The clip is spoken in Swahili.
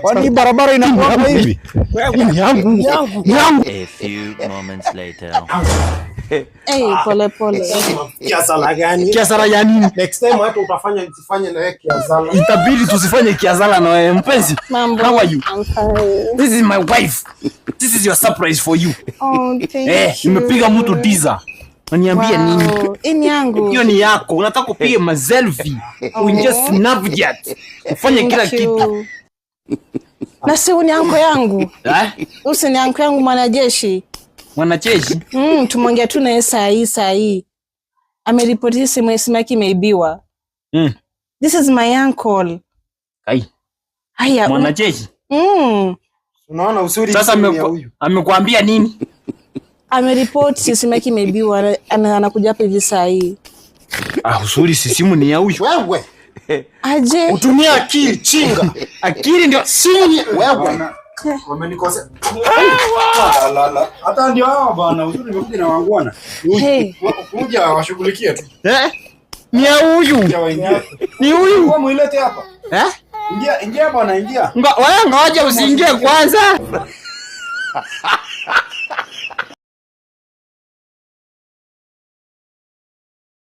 Kwani barabara inakuwa hivi? Yangu yangu. A few moments later. Eh, pole pole. Kiasala gani? Kiasala ya nini? Next time hata utafanya usifanye na yeye kiasala. Itabidi tusifanye kiasala na wewe mpenzi. How are you? I'm fine. This is my wife. This is your surprise for you. Oh, thank you. Eh, nimepiga mtu teaser. Niambie wow. Nini ini yangu hiyo ni yako, unataka kupiga maselfie uingie Snapchat ufanye kila kitu na si unianko yangu Eh? usi nianko yangu mwanajeshi mwanajeshi mm, tumwongea tu naye saa hii saa hii ameripoti simu simu yake imeibiwa. mm. This is my uncle. Kai. Haya mwanajeshi. mm. Unaona uzuri sasa, amekuambia nini? ameripoti Syosimaki imeibiwa, anakuja hapa hivi saa hii. Ah, usuri si ni ya huyu. Wewe. Aje. Utumie akili chinga. Akili ndio simu ni wewe. Wamenikosea. La la. Hata ndio bwana, na tu. Eh? Ni huyu. Ni huyu. hapa. Eh? Ingia ingia bwana ingia. ngoja usiingie kwanza.